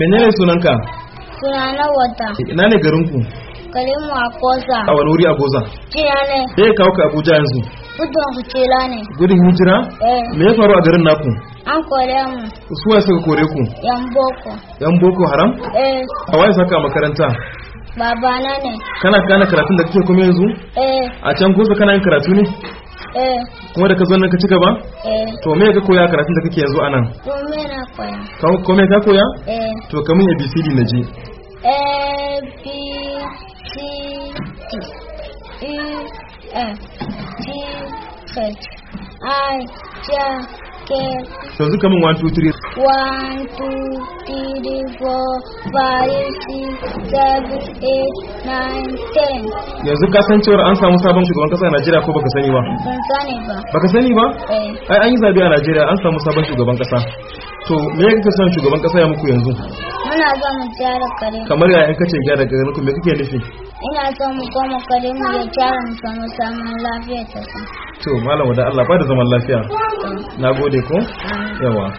menene sunanka sunana wata ina ne garinku garinmu a kosa a wani wuri a kosa kina ne sai kawo ka abuja yanzu gudun hijira ne gudun hijira eh. me ya faru a garin naku an kore mu su waye suka kore ku yan boko yan boko haram eh a waye saka makaranta babana ne kana kana karatun da kake kuma yanzu eh a can gobe kana yin karatu ne Eh. kuma da ka zo nan ka ci gaba eh. to me ka koya karatun da kake yanzu a nan ko me ka koya eh. to kamun abcd na ji D e f g h i j scale. Yanzu kamin one two three. one two three four five six seven eight nine ten. Yanzu ka san cewar an samu sabon shugaban kasa a Najeriya ko baka sani ba? Ban sani ba. Baka sani ba? Eh. Ai an yi zabe a Najeriya an samu sabon shugaban kasa. To me ya son shugaban kasa ya muku yanzu? Muna so mu gyara kare. Kamar ya in kace gyara kare ku me kake nufi? Ina so mu koma kare mu ya gyara mu samu samun lafiya ta. To malam da Allah ba da zaman lafiya. nagode ko yawa ah.